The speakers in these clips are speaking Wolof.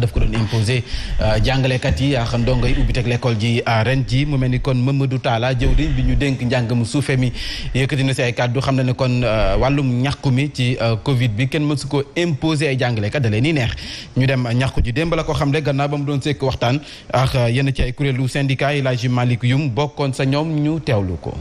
daf ko doon imposé euh, jàngalekat yi ak ndongo yi ubbi teg l'école ji euh, ren ji mu mel ni kon Mamadou Talla jëwriñ bi ñu dénk njàng mu suufe mi yëkkati na si ay kàddu xam na ne kon euh, wàllum ñàkku mi ci Covid bi kenn mën su ko imposé ay jàngalekat da leen ni neex ñu dem ñàkku ji démb la ko xam le gannaaw ba mu doon sekk waxtaan ak yenn ci ay kuréelu syndicat yi Elhadji Malick Youm bokkoon sa ñoom ñu teewlu ko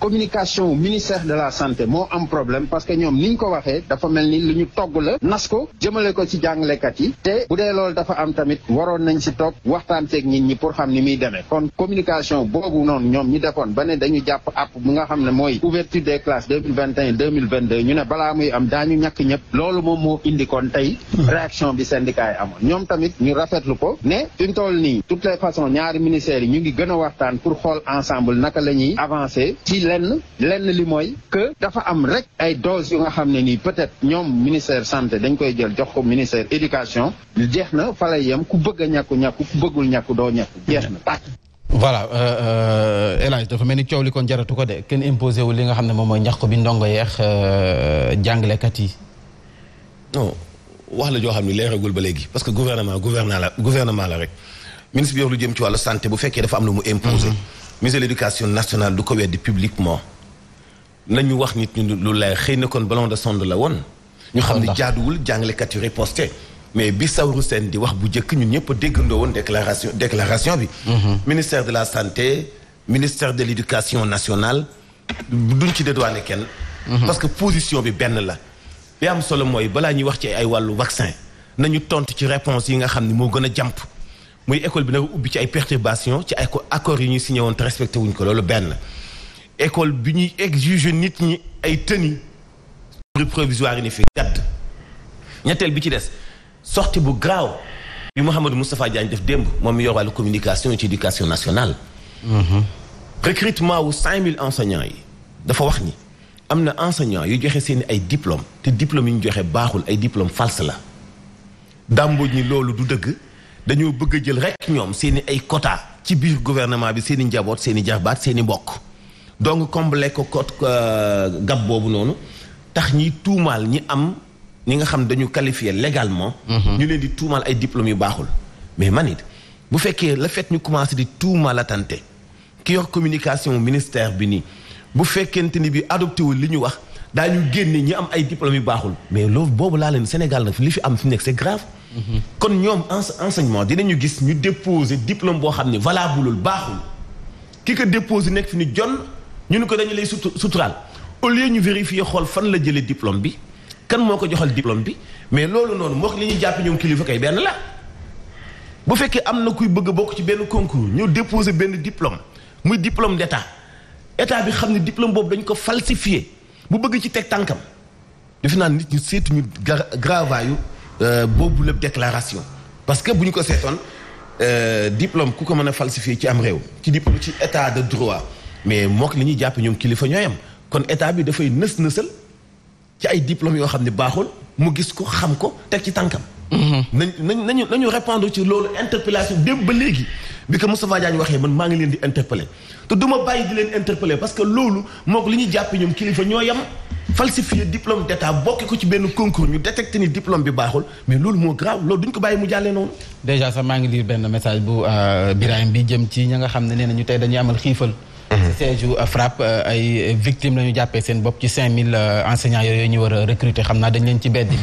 communication ministère de la santé moo am problème parce que ñoom ni ñu ko waxee dafa mel ni lu ñu togg la nas ko jëmale ko ci jàngalekat yi te bu dee lool dafa am tamit waroon nañ si toog waxtaan ceeg nit ñi pour xam ni muy demee kon communication boobu noonu ñoom ñu defoon ba ne dañu jàpp app bu nga xam ne mooy ouverture des classes 2021 2022 ñu ne balaa muy am daañu ñàkk ñëpp loolu moom moo indi kon tey réaction bi syndicat yi amoon ñoom tamit ñu rafetlu ko ne fi mu toll nii toutes les façons ñaari ministères yi ñu ngi gën waxtaan pour xool ensemble naka la ñuy avancer lenn lenn li mooy que dafa am rek ay doses yu nga xam ne nii peut-être ñoom ministère santé dañ koy jël jox ko ministère éducation jeex na fa lay yem ku bëgg a ñàkku ñàkku ku bëggul ñàkku doo ñàkku jeex na tàkk voilà euh, euh, El Hadj dafa mel ni coow li kon jaratu ko de kenn imposé wu li nga xam ne moom mooy ñax ko bi ndongo yeex euh, jàngalekat yi non wax la joo xam ne leeragul ba léegi parce que gouvernement gouvernement la gouvernement la rek ministre bi yor lu jëm ci wàllu santé bu fekkee dafa am lu mu imposé mm-hmm. ministre de l'éducation nationale du ko weddi publiquement nañu wax nit ñu lu lay xëy na kon ballon de sonde la woon ñu xam ne jaaduwul jàngalekat yu mais bi Saourou Sène di wax bu njëkk ñun ñëpp a déggandoo woon déclaration bi mhm. ministère de la santé ministère de l'éducation nationale duñ ci dédouané kenn mhm. parce que position bi benn la li am solo mooy balaa ñuy wax ci ay wàllu vaccin nañu tontu ci réponse yi nga xam ni moo gën a jàmp muy école bi nag ubbi ci ay perturbation ci ay accords yi ñuy signé woon te respecté wuñ ko loolu benn école bi ñuy exiger nit ñi ay tenue provisoire yi ni fi gàdd ñetteel bi ci des sortie bu graaw bi Mouhamadou Moustapha Diagne def démb moom mi yor wàllu communication ci éducation nationale mhm. recrutement wu cinq mille enseignants yi dafa wax ni am na enseignants yu joxe seen ay diplôme te diplôme yi ñu joxe baaxul ay diplôme false la dàmbooj ni loolu du dëgg dañoo bëgg a jël rek ñoom seen i ay quota ci biir gouvernement bi seen i njaboot seen i jaxbaat seen i mbokk donc combler ko kot euh, gab boobu noonu tax ñiy tuumaal ñi am ñi nga xam dañu qualifié légalement. Mhm. ñu leen di tuumaal ay diplômes yu baaxul. mais man it bu fekkee le fait ñu commencé di tuumaalatante ki yor communication ministère bi nii bu fekkente ni bi adopté li ñu wax. ñu génne ñi am ay diplômes yu baaxul mais loolu boobu laa leen Sénégal nag li fi am fi nekk c'est grave. kon ñoom enseignement dinañu gis ñu déposer diplôme boo xam ni ne valableul baaxul ki ko déposer nekk fi ni jon ñu ne ko dañu lay sut suturaal au lieu ñu vérifier xool fan la jëlee diplôme bi kan moo ko joxal diplôme bi mais loolu noonu moo li ñuy jàpp ñoom kilifa kay benn la. bu fekkee am na kuy bëgg a bokk ci benn concours ñu déposer benn diplôme muy diplôme d'état état bi xam ne diplôme boobu dañ ko falsifié. bu bëgg ci teg tànkam def naa nit ñi seetuñu gravaayu euh, boobu lépp déclaration parce que bu ñu ko seetoon euh, diplôme ku ko mën a falsifier ci am réew ci diplôme ci état de droit mais mook li ñuy jàpp ñoom kilifa ñooyam kon état bi dafay nës nësal ci ay diplôme yoo xam ne baaxul mu gis ko xam ko teg ci tànkam mm-hmm. nañ nañ nañu nañu répondre ci loolu interpellation démb ba léegi bi ko Moustapha Diagne waxee man maa ngi leen di interpeller te du bàyyi di leen interpeller parce que loolu mook li ñu jàpp ñoom kilifa ñoo yem falsifier diplôme d'état bokki ko ci benn concours ñu détecté ni diplôme bi baaxul mais loolu moo grave loolu duñ ko bàyyi mu jàllee noonu déjà sax maa ngi lire benn message bu euh, Birahim bi jëm ci ña nga xam ne nee na ñu tey dañuy amal xiifal mhm. ci siège u euh, FRAPP euh, ay victime la ñu jàppee seen bopp ci 5000 enseignants yooyu a recruter dañ leen ci beddi